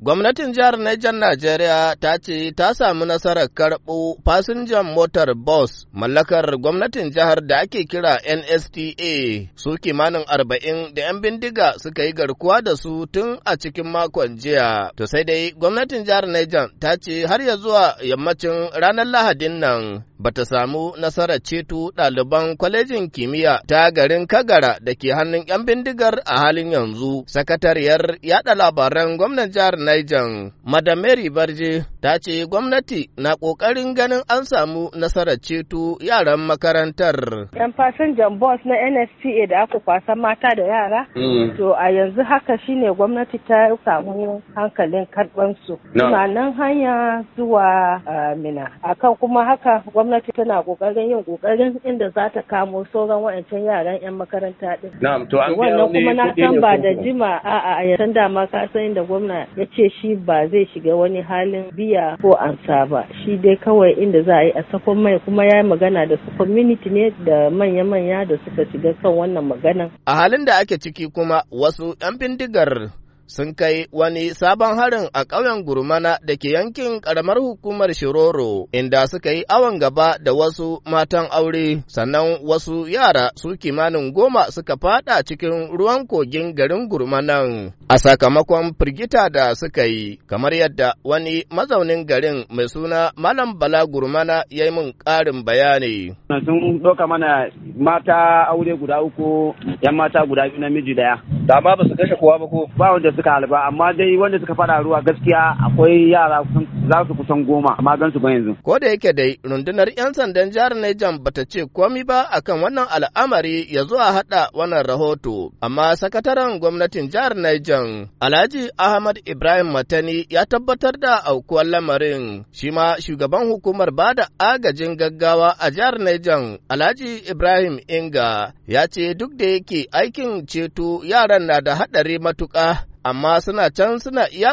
Gwamnatin jihar Niger Najeriya ta ce ta samu nasarar karɓo fasinjan motar bus mallakar gwamnatin jihar da ake kira NSTA su kimanin arba'in da 'yan bindiga suka yi garkuwa da su tun a cikin makon jiya. To sai dai gwamnatin jihar Niger ta ce har ya zuwa yammacin ranar Lahadin nan ba ta samu nasarar ceto ɗaliban kwalejin kimiyya ta garin Kagara da ke hannun 'yan bindigar a halin yanzu. Sakatariyar yaɗa labaran gwamnan jihar Niger, Madam Mary Barje, ta ce gwamnati na ƙoƙarin ganin an samu nasarar ceto yaran makarantar. Yan fasinjan bus na NSTA da aka kwasa mata da yara, mm. to a yanzu haka shine gwamnati ta samu hankalin karɓansu. Na nan hanya zuwa Mina. Akan kuma haka gwamnati tana ƙoƙarin yin ƙoƙarin inda za ta kamo sauran wa'ancan yaran 'yan makaranta ɗin. Na'am, to an Wannan kuma na san ba da jima a'a a yanzu dama ka san inda gwamna ya ce shi ba zai shiga wani halin bi tarbiyya ko an saba shi dai kawai inda za a yi a sakon mai kuma ya yi magana da su community ne da manya-manya da suka shiga kan wannan maganan. A halin da ake ciki kuma wasu 'yan bindigar sun kai wani sabon harin a ƙauyen gurmana da ke yankin ƙaramar hukumar Shiroro, inda suka yi awon gaba da wasu matan aure, sannan wasu yara su kimanin goma suka fada cikin ruwan kogin garin gurmanan. a sakamakon firgita da suka yi, kamar yadda wani mazaunin garin mai suna Malam Bala Gurmana ya yi min karin bayani. Sun ɗauka mana mata aure guda uku, ‘yan mata guda biyu namiji daya. Da ba su kashe kowa ba ko? Ba wanda suka halba, amma dai wanda suka fara ruwa gaskiya akwai yara sun za su kusan goma amma gan su ba yanzu. Ko da yake dai rundunar 'yan sandan jihar Niger ta ce komi ba akan wannan al'amari ya zuwa haɗa wannan rahoto amma sakataren gwamnatin jihar Niger Alhaji Ahmad Ibrahim Matani ya tabbatar da aukuwar lamarin shi ma shugaban hukumar ba da agajin gaggawa a jihar Niger Alhaji Ibrahim Inga ya ce duk da yake aikin ceto yaran na da haɗari matuƙa amma suna can suna iya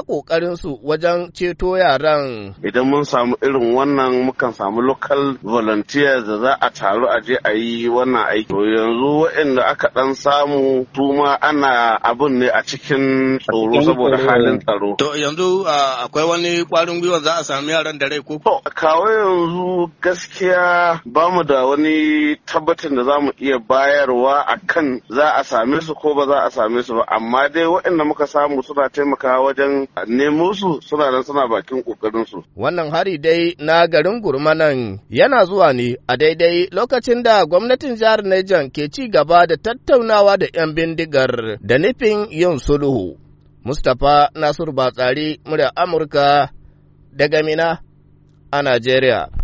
su wajen ceto yaran. Idan mun samu irin wannan mukan samu local volunteers da za a taru a je a yi wannan aiki. To yanzu waɗanda aka ɗan samu tuma ana abun ne a cikin tsoro saboda halin tsaro. To yanzu akwai wani ƙwarin gwiwa za a sami yaran da rai ko? To kawo yanzu gaskiya ba mu da wani tabbacin da za mu iya bayarwa akan za a same su ko ba za a same su ba amma dai waɗanda muka samu samu suna taimakawa wajen nemo su suna nan suna bakin kokarin su. Wannan hari dai na garin gurmanan yana zuwa ne a daidai lokacin da gwamnatin jihar Niger ke ci gaba da tattaunawa da 'yan bindigar da nufin yin sulhu. Mustapha Nasiru Batsari, murya Amurka daga Mina a Najeriya.